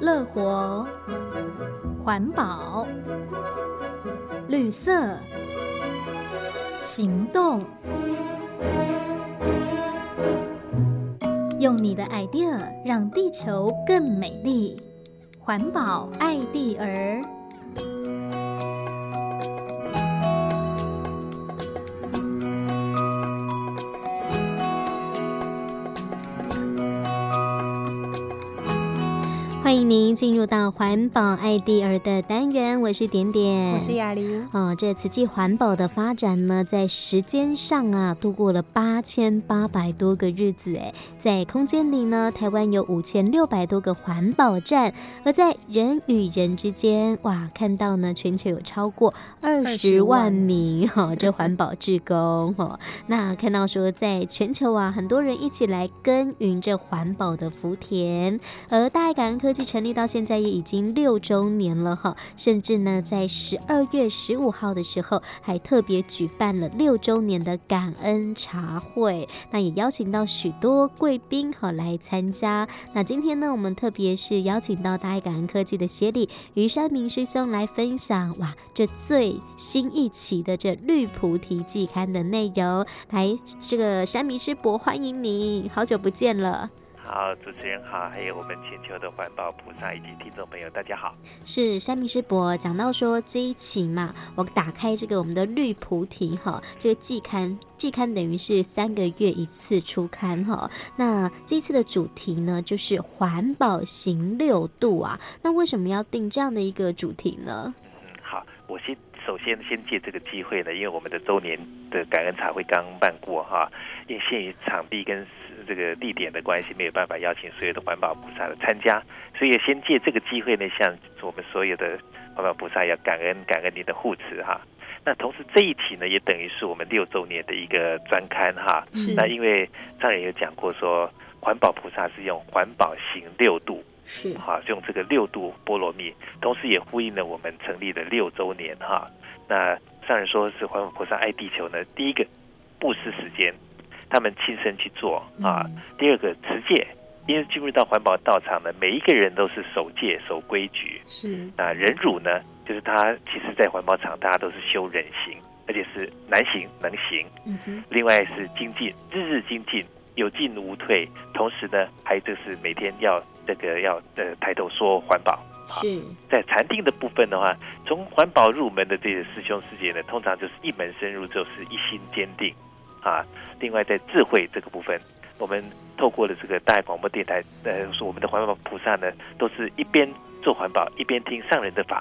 樂活環保，綠色行動，用你的愛 e a 讓地球更美麗，環保愛地兒。歡迎您進入到環保愛地兒的單元，我是點點，我是雅玲。哦，這慈濟環保的發展呢，在時間上啊度過了八千八百多個日子，哎，在空間裡呢，台灣有五千六百多個環保站，而在人與人之間，哇，看到呢，全球有超過二十萬名萬哦，這環保志工，哦，那看到說，在全球啊，很多人一起來耕耘這環保的福田，而大愛感恩科技。成立到現在也已經六周年了哈，甚至呢，在十二月十五號的時候，還特別舉辦了六周年的感恩茶會，那也邀請到許多貴賓哈來參加。那今天呢，我們特別是邀請到大愛感恩科技的協理虞珊明師兄來分享哇，這最新一期的這《綠菩提季刊》的內容。來，這個珊明師伯，歡迎你，好久不見了。好，主持人好，還有我們全球的環保菩薩以及聽眾朋友，大家好。是珊明師伯講到說這一期嘛，我打開這個我們的綠菩提哈，這個季刊，季刊等於是三個月一次出刊哈。那這一次的主題呢，就是環保行六度啊。那為什麼要定這樣的一個主題呢？嗯，好，我先首先先借這個機會呢，因為我們的周年的感恩茶會剛辦過哈，因為限於場地跟。這個地點的關係，沒有辦法邀請所有的環保菩薩來參加，所以先借這個機會呢，向我們所有的環保菩薩要感恩，感恩您的護持哈。那同時這一期呢，也等於是我們六周年的一個專刊哈。是。那因為上人有講過說，環保菩薩是用環保行六度，是哈，是用這個六度波羅蜜，同時也呼應了我們成立的六周年哈。那上人說是環保菩薩愛地球呢，第一個布施時間。他們親身去做啊、嗯。第二個持戒，因為進入到環保道場的每一個人都是守戒、守規矩。是啊，忍辱呢，就是他其實，在環保場大家都是修忍行，而且是難行能行。嗯，另外是精進，日日精進，有進無退。同時呢，還就是每天要這個要呃抬頭說環保。是、啊。在禪定的部分的話，從環保入門的這些師兄師姐呢，通常就是一門深入，就是一心堅定。啊，另外在智慧這個部分，我們透過了這個大愛廣播電台，呃，我們的環保菩薩呢，都是一邊做環保，一邊聽上人的法，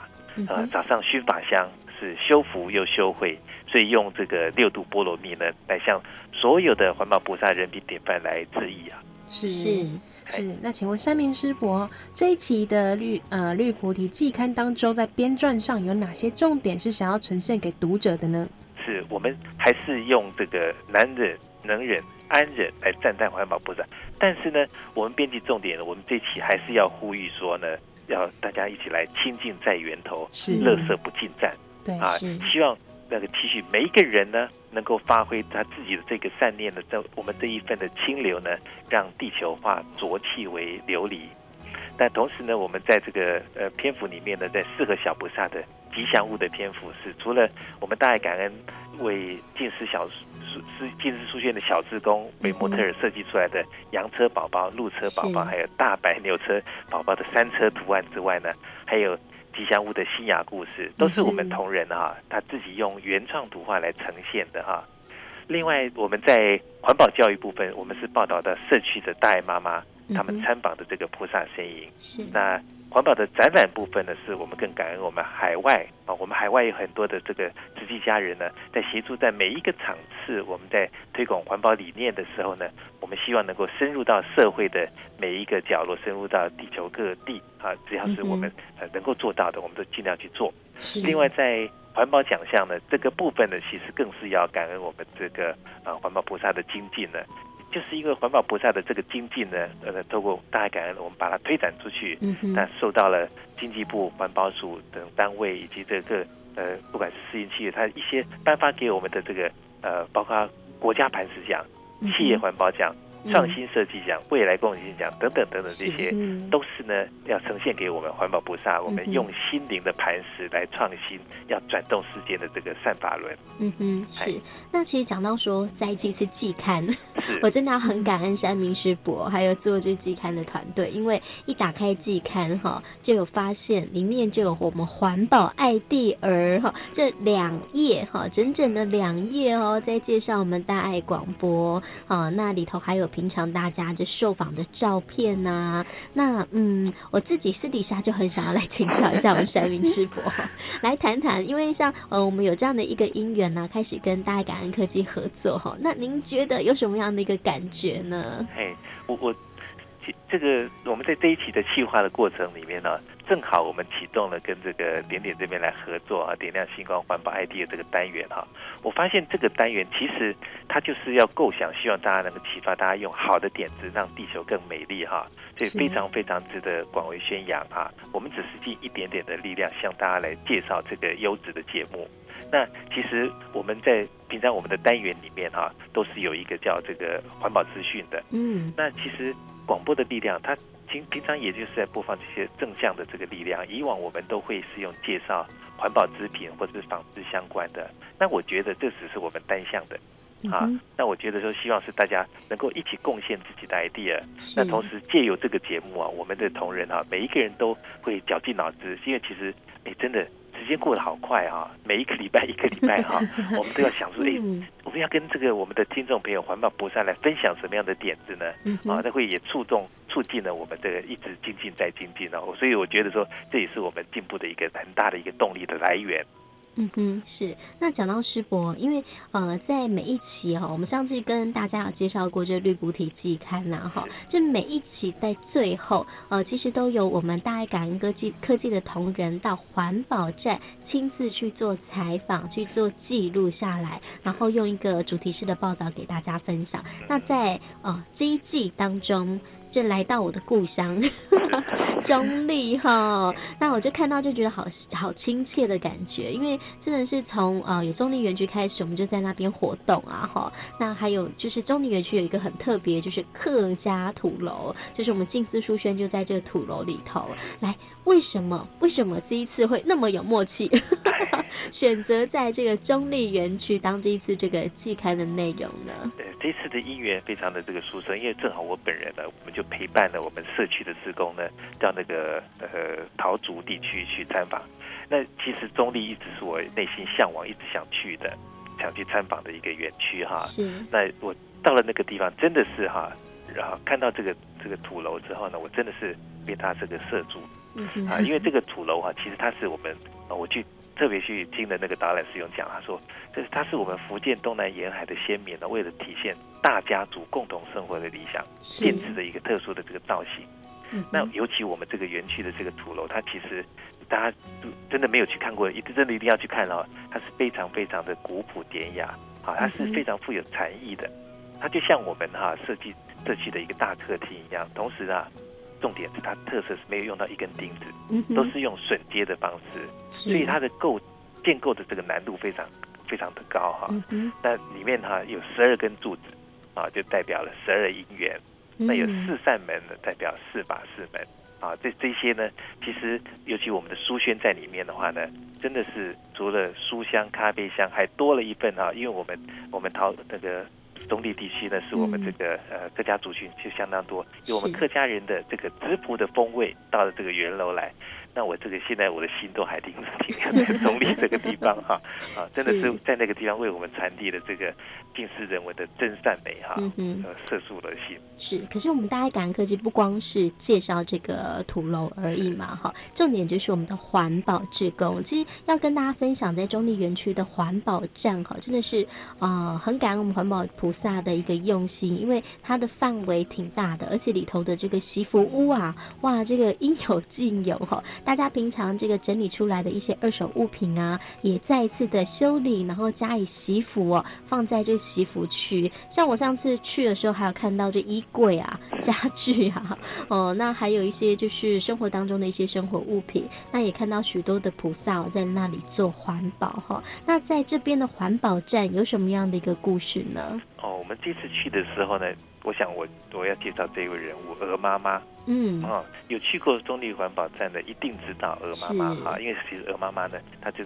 啊、呃，早上熏法香是修福又修慧，所以用這個六度波羅蜜呢，來向所有的環保菩薩人品典範來致意啊。是是是，那請問珊明師伯，這一期的綠呃綠菩提季刊當中，在編撰上有哪些重點是想要呈現給讀者的呢？是，我們還是用這個難忍能忍安忍來讚嘆環保菩薩，但是呢，我們編輯重點，我們這期還是要呼籲說呢，要大家一起來清淨在源頭，是，垃圾不進站，對，啊，希望那個期許每一個人呢，能夠發揮他自己的這個善念的，這我們這一份的清流呢，讓地球化濁氣為琉璃。那同時呢，我們在這個呃篇幅裡面呢，在適合小菩薩的。吉祥物的篇幅是除了我們大愛感恩為靜思小，是靜思出現的小志工，為模特兒設計出來的羊車寶寶、鹿車寶寶，還有大白牛車寶寶的三車圖案之外呢，還有吉祥物的新芽故事，都是我們同仁啊他，自己用原創圖畫來呈現的哈、啊。另外，我們在環保教育部分，我們是報道到社區的大愛媽媽他們參訪的這個菩薩身影。那。環保的展覽部分呢，是我們更感恩我們海外啊，我們海外有很多的這個慈濟家人呢，在協助在每一個場次，我們在推廣環保理念的時候呢，我們希望能夠深入到社會的每一個角落，深入到地球各地啊，只要是我們能夠做到的，我們都盡量去做。另外在，在環保獎項呢，這個部分呢，其實更是要感恩我們這個啊，環保菩薩的精進呢。就是一個環保菩薩的這個經濟呢，呃，透過大愛感恩，我們把它推展出去，嗯哼，但受到了經濟部環保署等單位以及這個呃，不管是私營企業，他一些頒發給我們的這個呃，包括國家磐石獎、企業環保獎。創新設計獎、未來貢獻獎等等等等，這些都是呢，要呈現給我們環保菩薩。我們用心靈的磐石來創新，要轉動世界的這個善法輪。嗯哼，是。那其實講到說，在這次季刊， 我真的要很感恩珊明師伯，還有做這季刊的團隊，因為一打開季刊哈，就有發現裡面就有我們環保愛地兒哈，這兩頁哈，整整的兩頁哦，在介紹我們大愛廣播啊，那裡頭還有。平常大家就受訪的照片吶、啊，那嗯，我自己私底下就很想要來請教一下我們珊明師兄， 來談談，因為像呃，我們有這樣的一個因緣呢、啊，開始跟大愛感恩科技合作哈，那您覺得有什麼樣的一個感覺呢？嘿、hey,，我我這個我們在這一期的企劃的過程裡面呢、啊。正好我們啟動了跟這個點點這邊來合作啊，點亮星光環保 ID 的這個單元哈、啊。我發現這個單元其實它就是要構想，希望大家能夠啟發大家用好的點子讓地球更美麗哈、啊，所以非常非常值得廣為宣揚啊。我們只是盡一點點的力量向大家來介紹這個優質的節目。那其實我們在平常我們的單元裡面哈、啊，都是有一個叫這個環保資訊的。嗯。那其實廣播的力量它。平平常也就是在播放這些正向的這個力量。以往我們都會是用介紹環保製品或者是紡織相關的。那我覺得這只是我們單向的、嗯、啊。那我覺得說希望是大家能夠一起貢獻自己的 idea。那同時借由這個節目啊，我們的同仁啊，每一個人都會絞盡腦汁，是因為其實哎真的時間過得好快啊，每一個禮拜一個禮拜哈、啊， 我們都要想說哎。誒嗯我們要跟這個我們的聽眾朋友環保菩薩來分享什麼樣的點子呢？嗯，啊，那會也注重促進了我們這個一直精進再精進呢、哦，所以我覺得說這也是我們進步的一個很大的一個動力的來源。嗯哼，是。那講到師伯，因為呃，在每一期哈，我們上次跟大家有介紹過這綠菩提季刊啦。哈，就每一期在最後呃，其實都有我們大愛感恩科技科技的同仁到環保站親自去做採訪，去做記錄下來，然後用一個主題式的報道給大家分享。那在呃這一季當中。就來到我的故鄉 中壢，哈，那我就看到就覺得好好親切的感覺，因為真的是從呃有中壢園區開始，我們就在那邊活動啊哈。那還有就是中壢園區有一個很特別，就是客家土樓，就是我們靜思書軒就在這個土樓裡頭。來，為什麼為什麼這一次會那麼有默契， 選擇在這個中壢園區當這一次這個季刊的內容呢？對，這次的因緣非常的這個殊勝，因為正好我本人呢，我們就。陪伴了我們社區的志工呢，到那個呃桃竹地區去參訪。那其實中壢一直是我內心嚮往，一直想去的，想去參訪的一個園區哈、啊。嗯，那我到了那個地方，真的是哈、啊，然後看到這個這個土樓之後呢，我真的是被它這個攝住、嗯嗯、啊，因為這個土樓哈、啊，其實它是我們啊我去。特別去聽的那個導覽師用講、啊，他說這、就是他是我們福建東南沿海的先民呢，為了體現大家族共同生活的理想，建造的一個特殊的這個造型。嗯，那尤其我們這個園區的這個土樓，它其實嗯嗯大家真的沒有去看過，一定真的一定要去看哦，它是非常非常的古樸典雅，好、啊，它是非常富有禪意的嗯嗯，它就像我們哈設計這期的一個大客廳一樣，同時啊。重點是它特色是沒有用到一根釘子、嗯，都是用榫接的方式是，所以它的構建構的這個難度非常非常的高哈。那、嗯、裡面哈有十二根柱子啊，就代表了十二因緣。那有四扇門呢，代表四法四門啊。這這些呢，其實尤其我們的書軒在裡面的話呢，真的是除了書香咖啡香，還多了一份哈，因為我們我們淘那個。總體地區呢，是我們這個呃客、嗯、家族群就相當多，有我們客家人的這個滋補的風味，到了這個元樓來。那我這個現在我的心都還停停在中壢這個地方哈啊， 真的是在那個地方為我們傳遞了這個靜思人文的真善美哈， 嗯嗯，攝住了心。是，可是我們大愛感恩科技不光是介紹這個土樓而已嘛哈，重點就是我們的環保志工。其實要跟大家分享，在中壢園區的環保站哈，真的是啊，很感恩我們環保菩薩的一個用心，因為它的範圍挺大的，而且裡頭的這個惜福屋啊，哇，這個應有盡有哈。大家平常這個整理出來的一些二手物品啊，也再一次的修理，然後加以惜福哦，放在這惜福區。像我上次去的時候，還有看到這衣櫃啊、家具啊，哦，那還有一些就是生活當中的一些生活物品，那也看到許多的菩薩哦，在那裡做環保哈，哦。那在這邊的環保站有什麼樣的一個故事呢？哦，我們這次去的時候呢，我想我我要介紹這一位人物——鵝媽媽。嗯。啊、哦，有去過中立環保站的一定知道鵝媽媽哈、哦、因為其實鵝媽媽呢，她就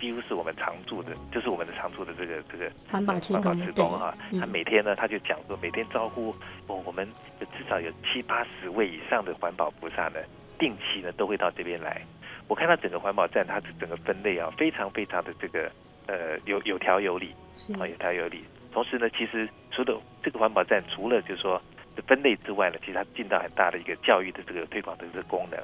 幾乎是我們常駐的，就是我們的常駐的這個這個、嗯、環保志工哈。她、啊、每天呢，她就講說，每天招呼、嗯、哦，我們至少有七八十位以上的環保菩薩呢，定期呢都會到這邊來。我看到整個環保站，它是整個分類啊、哦，非常非常的這個呃有有條有理，啊，有條有理。同時呢，其實除了這個環保站，除了就是說分類之外呢，其實它盡到很大的一個教育的這個推廣的這個功能。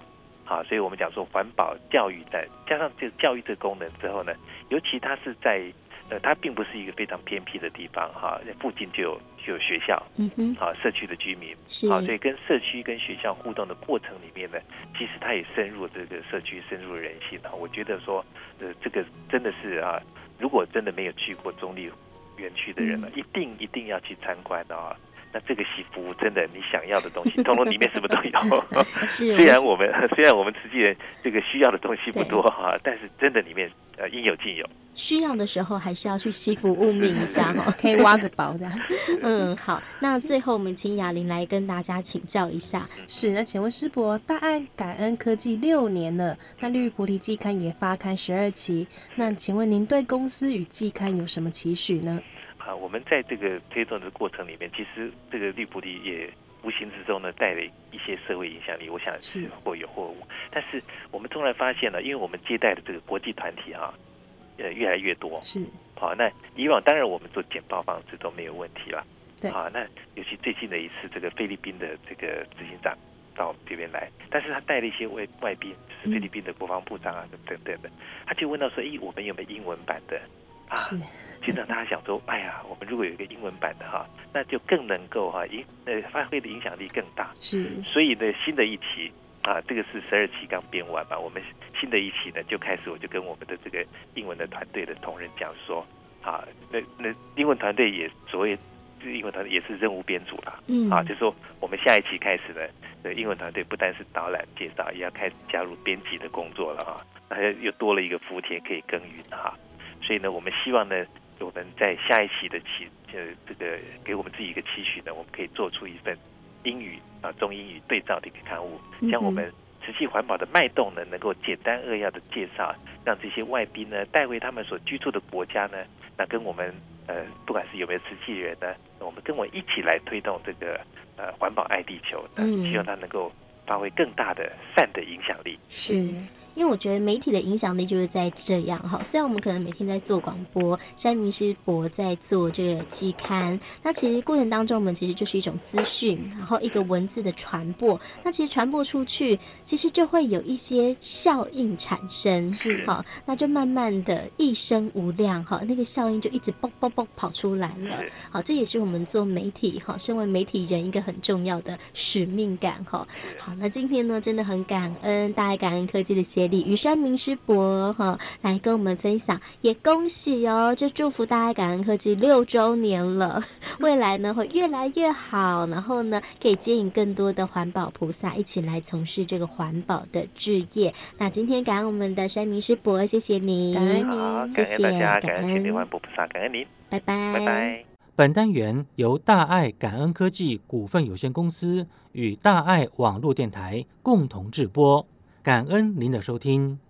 好、啊，所以我們講說環保教育站，加上這個教育這個功能之後呢，尤其它是在呃，它並不是一個非常偏僻的地方哈、啊，附近就有就有學校，嗯哼，好，社區的居民，好、啊，所以跟社區跟學校互動的過程裡面呢，其實它也深入這個社區，深入人心啊。我覺得說，呃，這個真的是啊，如果真的沒有去過中壢，園區的人呢，一定一定要去參觀的、哦、啊。嗯、那這個西服真的，你想要的東西， 通通裡面什麼都有。 是是雖然我們雖然我們自己人這個需要的東西不多哈，但是真的裡面呃應有盡有。需要的時候還是要去惜福物命一下哈、哦， 可以挖個寶的。嗯，好，那最後我們請雅玲來跟大家請教一下。是呢，那請問師伯，大愛感恩科技六年了，那綠菩提季刊也發刊十二期，那請問您對公司與季刊有什麼期許呢？啊，我們在這個推動的過程裡面，其實這個綠菩提也無形之中呢帶了一些社會影響力，我想是或有或無。但是我們突然發現了，因為我們接待的這個國際團體啊。呃，越來越多是好、啊。那以往當然我們做簡報方式都沒有問題了。對啊，那尤其最近的一次，這個菲律賓的這個執行長到我們這邊來，但是他帶了一些外外賓，就是菲律賓的國防部長啊，嗯、等等等。他就問到說：“哎，我們有沒有英文版的？”啊，平常大家想說：“哎呀，我們如果有一個英文版的哈、啊，那就更能夠哈、啊，影呃發揮的影響力更大。”是，所以呢，新的一期。啊，這個是十二期剛編完嘛，我們新的一期呢就開始，我就跟我們的這個英文的團隊的同仁講說，啊，那那英文團隊也所謂，英文團隊也是任務編組啦，嗯、啊，就說我們下一期開始呢，英文團隊不單是導覽介紹，也要開始加入編輯的工作了啊，那又多了一個福田可以耕耘哈，所以呢，我們希望呢，我們在下一期的期，呃，這個給我們自己一個期許呢，我們可以做出一份。英語啊，中英語對照的一個刊物，像我們《慈濟環保的脈動》呢，能夠簡單扼要的介紹，讓這些外賓呢，帶回他們所居住的國家呢，那跟我們呃，不管是有沒有慈濟人呢，我們跟我一起來推動這個呃環保愛地球，呃，希望它能夠發揮更大的善的影響力。嗯，是。因為我覺得媒體的影響力就是在這樣哈，雖然我們可能每天在做廣播，珊明師伯在做這個期刊，那其實過程當中我們其實就是一種資訊，然後一個文字的傳播，那其實傳播出去，其實就會有一些效應產生，是好。那就慢慢的，一生無量哈，那個效應就一直嘣嘣嘣跑出來了，好，這也是我們做媒體哈，身為媒體人一個很重要的使命感哈，好，那今天呢，真的很感恩，大愛感恩科技的李虞珊明師伯哈，來跟我們分享，也恭喜哦，就祝福大愛感恩科技六週年了，未來呢會越來越好，然後呢可以接引更多的環保菩薩一起來從事這個環保的志業。那今天感恩我們的珊明師伯，謝謝您，感恩您，謝謝大家，感恩千百萬菩薩，感恩您，拜拜，拜拜。本單元由大愛感恩科技股份有限公司與大愛網絡電台共同制播。感恩您的收聽。